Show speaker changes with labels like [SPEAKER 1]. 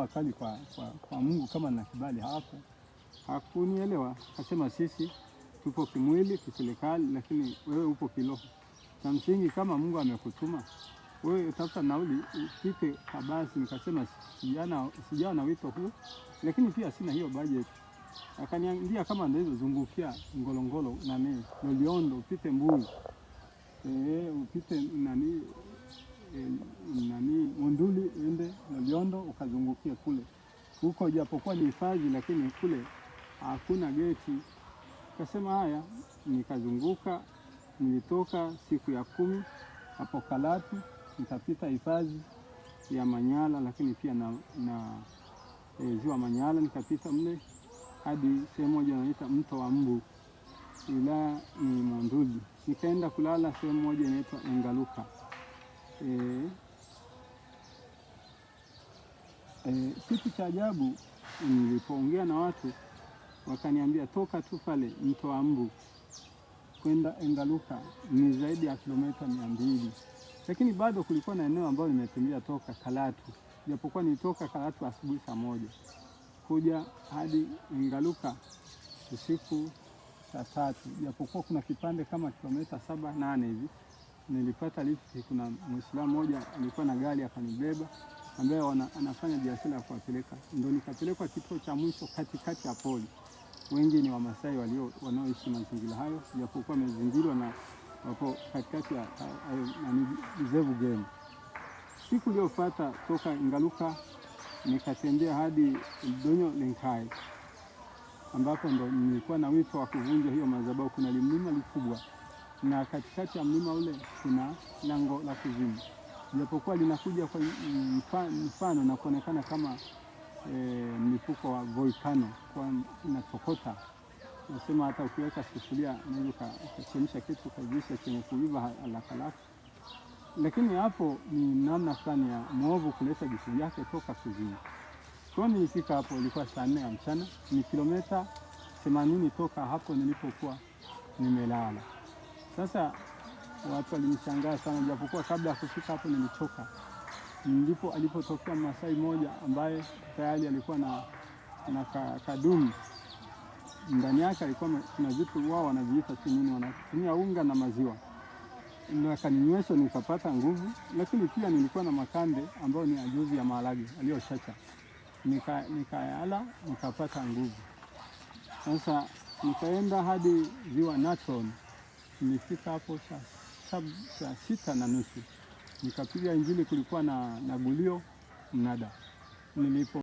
[SPEAKER 1] Wakali kwa, kwa, kwa Mungu kama na kibali hapo hakunielewa, akasema sisi tupo kimwili kiserikali, lakini wewe upo kiloho. Cha msingi kama Mungu amekutuma wewe, utafuta nauli upite kabasi. Nikasema sijana sijana na wito huu lakini pia sina hiyo budget. Akaniambia kama ndivyo, zungukia Ngorongoro na Loliondo, upite Mbulu e, eh, upite nani e, nani Monduli tuelekee kule huko, japokuwa ni hifadhi, lakini kule hakuna geti. Kasema haya, nikazunguka. Nilitoka siku ya kumi hapo Kalatu, nikapita hifadhi ya manyala lakini pia na, na e, ziwa Manyala, nikapita mle hadi sehemu moja inaitwa mto wa Mbu, wilaya ni Monduli. Nikaenda kulala sehemu moja inaitwa Engaluka e, E, kitu cha ajabu nilipoongea na watu wakaniambia toka tu pale mto wa Mbu kwenda Engaluka ni zaidi ya kilomita mia mbili, lakini bado kulikuwa na eneo ambalo nimetembea toka Karatu, japokuwa nilitoka Karatu asubuhi saa moja kuja hadi Engaluka usiku saa tatu, japokuwa kuna kipande kama kilomita saba nane hivi nilipata lifti. Kuna mwislamu mmoja alikuwa na gari akanibeba ambaye anafanya biashara ya kuwapeleka, ndio nikapelekwa kituo cha mwisho katikati ya poli. Wengi ni Wamasai walio wanaoishi mazingira hayo, japokuwa wamezingirwa na wako katikati ya zevu game. Siku iliyofuata toka Ngaruka nikatembea hadi Donyo Lenkai ambapo ndo nilikuwa na wito wa kuvunja hiyo madhabahu. Kuna limlima likubwa na katikati ya mlima ule kuna lango la kuzimu japokuwa linakuja kwa mfano na kuonekana kama e, mlipuko wa volkano kwa inatokota. Nasema hata ukiweka sufuria unaweza ukachemsha kitu ukajuisha chenye kuiva haraka haraka, lakini hapo ni namna fulani ya mwovu kuleta jisu yake toka kuzini. Kwa nilifika hapo, ilikuwa saa nne ya mchana, ni kilomita themanini toka hapo nilipokuwa nimelala. Sasa watu walinishangaa sana, japokuwa kabla ya kufika hapo nilichoka. Ndipo alipotokea Masai moja ambaye tayari alikuwa na, na ka, kadumu ndani yake alikuwa kuna vitu wao wanaviita chimini, wanatumia unga na maziwa, ndio nikapata nguvu, lakini pia nilikuwa na makande ambayo ni ajuzi ya maharage aliyochacha nikayala nika nikapata nguvu. Sasa nikaenda hadi ziwa Natron, nilifika hapo sasa sab, saa sita na nusu nikapiga injili, kulikuwa na, na gulio mnada nilipo